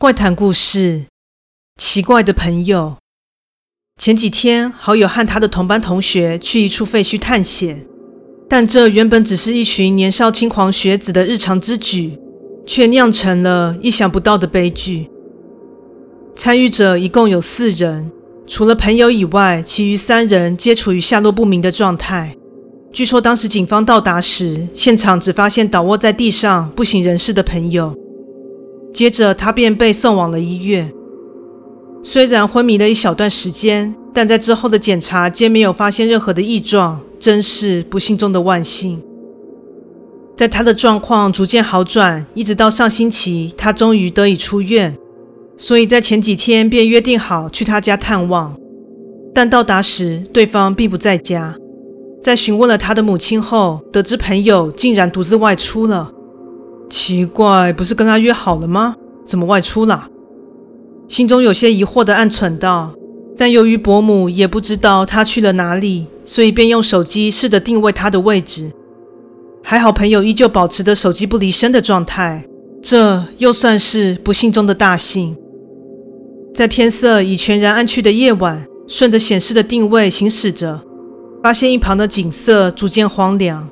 怪談故事：奇怪的朋友。前幾天，好友和他的同班同學去一處廢墟探險，但這原本只是一群年少輕狂學子的日常之舉，卻釀成了意想不到的悲劇。參與者一共有四人，除了朋友以外，其餘三人皆處於下落不明的狀態。據說當時警方到達時，現場只發現倒臥在地上、不省人事的朋友。接着，他便被送往了醫院。雖然昏迷了一小段時間，但在之後的檢查皆沒有發現任何的異狀，真是不幸中的萬幸。在他的狀況逐漸好轉，一直到上星期，他終於得以出院，所以在前幾天便約定好去他家探望，但到達時對方並不在家。在詢問了他的母親後，得知朋友竟然獨自外出了。奇怪，不是跟他約好了嗎？怎麼外出啦？心中有些疑惑的暗忖道。但由於伯母也不知道他去了哪裡，所以便用手機試着定位他的位置。還好朋友依舊保持着手機不離身的狀態，這又算是不幸中的大幸。在天色已全然暗去的夜晚，順着顯示的定位行駛着，發現一旁的景色逐漸荒涼。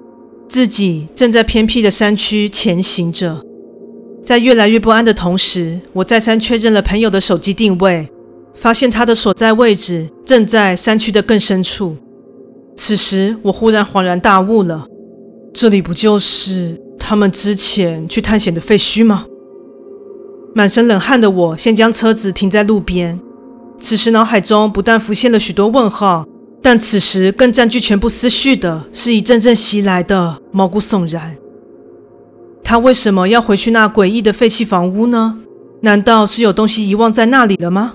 自己正在偏僻的山區前行着，在越來越不安的同時，我再三確認了朋友的手機定位，發現他的所在位置正在山區的更深處。此時，我忽然恍然大悟了，這裡不就是他們之前去探險的廢墟嗎？滿身冷汗的我，先將車子停在路邊。此時，腦海中不但浮現了許多問號。但此時更佔據全部思緒的是一陣陣襲來的毛骨悚然。他為什麼要回去那詭異的廢棄房屋呢？難道是有東西遺忘在那裡了嗎？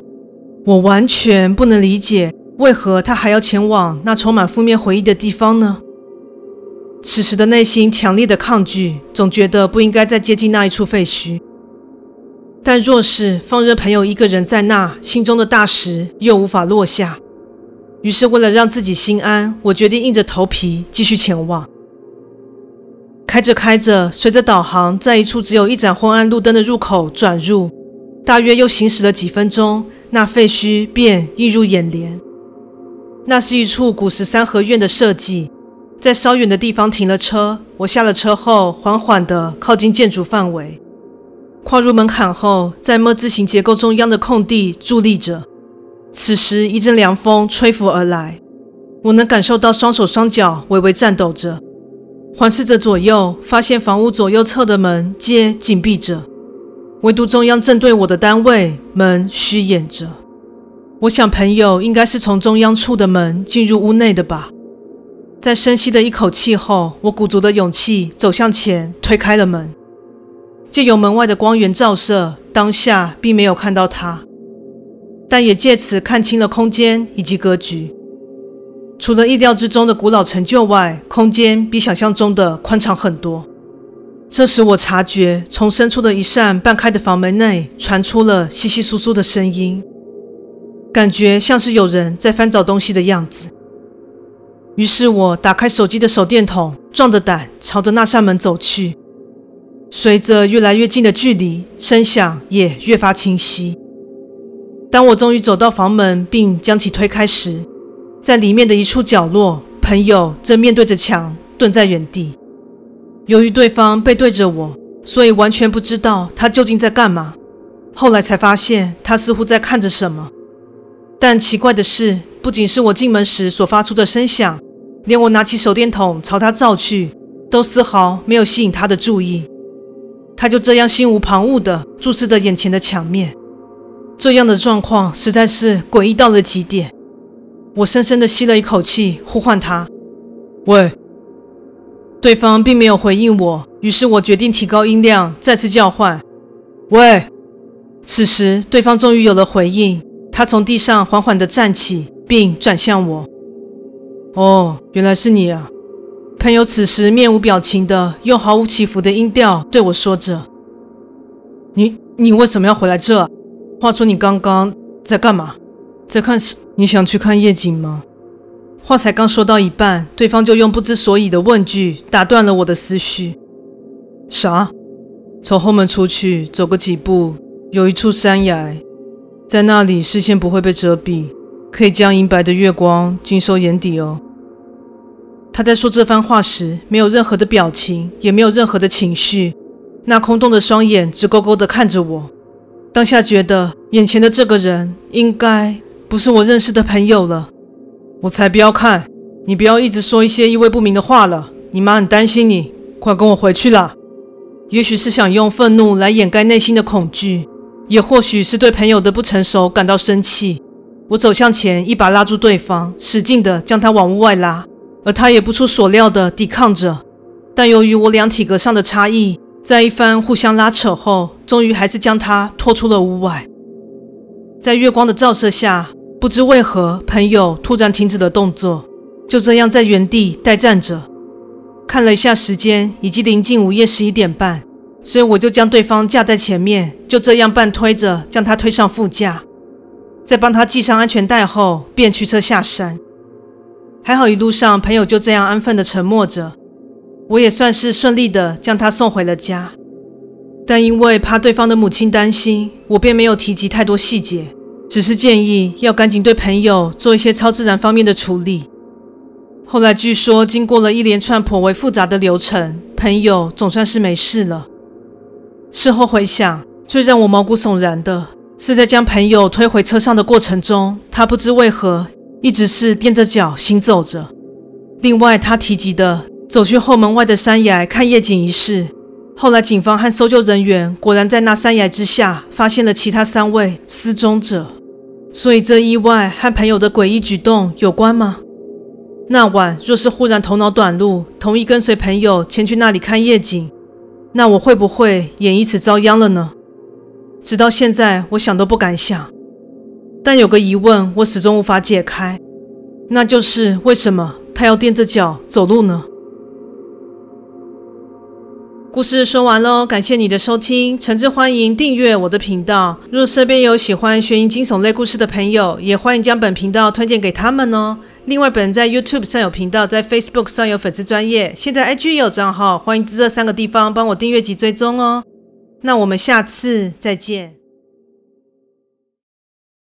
我完全不能理解，為何他還要前往那充滿負面回憶的地方呢？此時的內心強烈的抗拒，總覺得不應該再接近那一處廢墟。但若是放任朋友一個人在那，心中的大石又無法落下。於是，為了讓自己心安，我決定硬着頭皮繼續前往。開着開着，隨着導航，在一處只有一盞昏暗路燈的入口轉入，大約又行駛了幾分鐘，那廢墟便映入眼簾。那是一處古時三合院的設計，在稍遠的地方停了車。我下了車後，緩緩的靠近建築範圍，跨入門檻後，在 “ㄇ” 字形結構中央的空地佇立着。此時，一陣涼風吹拂而來，我能感受到雙手雙腳微微顫抖着。環視着左右，發現房屋左右側的門皆緊閉着，唯獨中央正對我的單位門虛掩着。我想，朋友應該是從中央處的門進入屋內的吧。在深吸了一口氣後，我鼓足了勇氣走向前，推開了門。借由門外的光源照射，當下並沒有看到他。但也借此看清了空間以及格局。除了意料之中的古老陳舊外，空間比想象中的寬敞很多。這時，我察覺從深處的一扇半開的房門內傳出了窸窸窣窣的聲音，感覺像是有人在翻找東西的樣子。於是我打開手機的手電筒，壯着膽朝着那扇門走去。隨着越來越近的距離，聲響也越發清晰。當我終於走到房門並將其推開時，在裡面的一處角落，朋友正面對着牆蹲在原地。由於對方背對着我，所以完全不知道他究竟在干嘛。後來才發現，他似乎在看着什麼。但奇怪的是，不僅是我進門時所發出的聲響，連我拿起手電筒朝他照去，都絲毫沒有吸引他的注意。他就這樣心無旁騖地注視着眼前的牆面。這樣的狀況實在是詭異到了極點。我深深地吸了一口氣，呼喚他：“喂！”對方並沒有回應我，於是我決定提高音量，再次叫喚：“喂！”此時，對方終於有了回應。他從地上緩緩地站起，並轉向我：“哦，原來是你啊。”朋友此時面無表情的，用毫無起伏的音調對我說着：“你，你為什麼要回來這？”話說你剛剛在幹嘛？在看？你想去看夜景嗎？話才剛說到一半，對方就用不知所以的問句打斷了我的思緒。啥？從後門出去，走個幾步，有一處山崖，在那裡視線不會被遮蔽，可以將銀白的月光盡收眼底哦。他在說這番話時，沒有任何的表情，也沒有任何的情緒，那空洞的雙眼直勾勾地看着我。當下覺得眼前的這個人應該不是我認識的朋友了，我才不要看！你不要一直說一些意味不明的話了。你媽很擔心你，快跟我回去啦。也許是想用憤怒來掩蓋內心的恐懼，也或許是對朋友的不成熟感到生氣。我走向前，一把拉住對方，使勁地將他往屋外拉，而他也不出所料地抵抗着。但由於我倆體格上的差異，在一番互相拉扯後，終於還是將他拖出了屋外。在月光的照射下，不知為何，朋友突然停止了動作，就這樣在原地呆站着。看了一下時間，已經臨近午夜十一點半，所以我就將對方架在前面，就這樣半推着將他推上副駕，在幫他繫上安全帶後，便驅車下山。還好一路上，朋友就這樣安分的沉默着。我也算是順利的將他送回了家，但因為怕對方的母親擔心，我便沒有提及太多細節，只是建議要趕緊對朋友做一些超自然方面的處理。後來據說經過了一連串頗為複雜的流程，朋友總算是沒事了。事後回想，最讓我毛骨悚然的是在將朋友推回車上的過程中，他不知為何一直是踮着腳行走着。另外，他提及的。走去後門外的山崖看夜景一事，後來警方和搜救人員果然在那山崖之下發現了其他三位失蹤者。所以，這意外和朋友的詭異舉動有關嗎？那晚若是忽然頭腦短路，同意跟隨朋友前去那裡看夜景，那我會不會也因此遭殃了呢？直到現在，我想都不敢想。但有個疑問，我始終無法解開，那就是為什麼他要踮着腳走路呢？故事說完嘍，感謝你的收聽，誠摯歡迎訂閱我的頻道。若身邊有喜歡懸疑驚悚類故事的朋友，也歡迎將本頻道推薦給他們哦。另外，本人在 YouTube 上有頻道，在 Facebook 上有粉絲專頁，現在 IG 有賬號，歡迎這三個地方幫我訂閱及追蹤哦。那我們下次再見。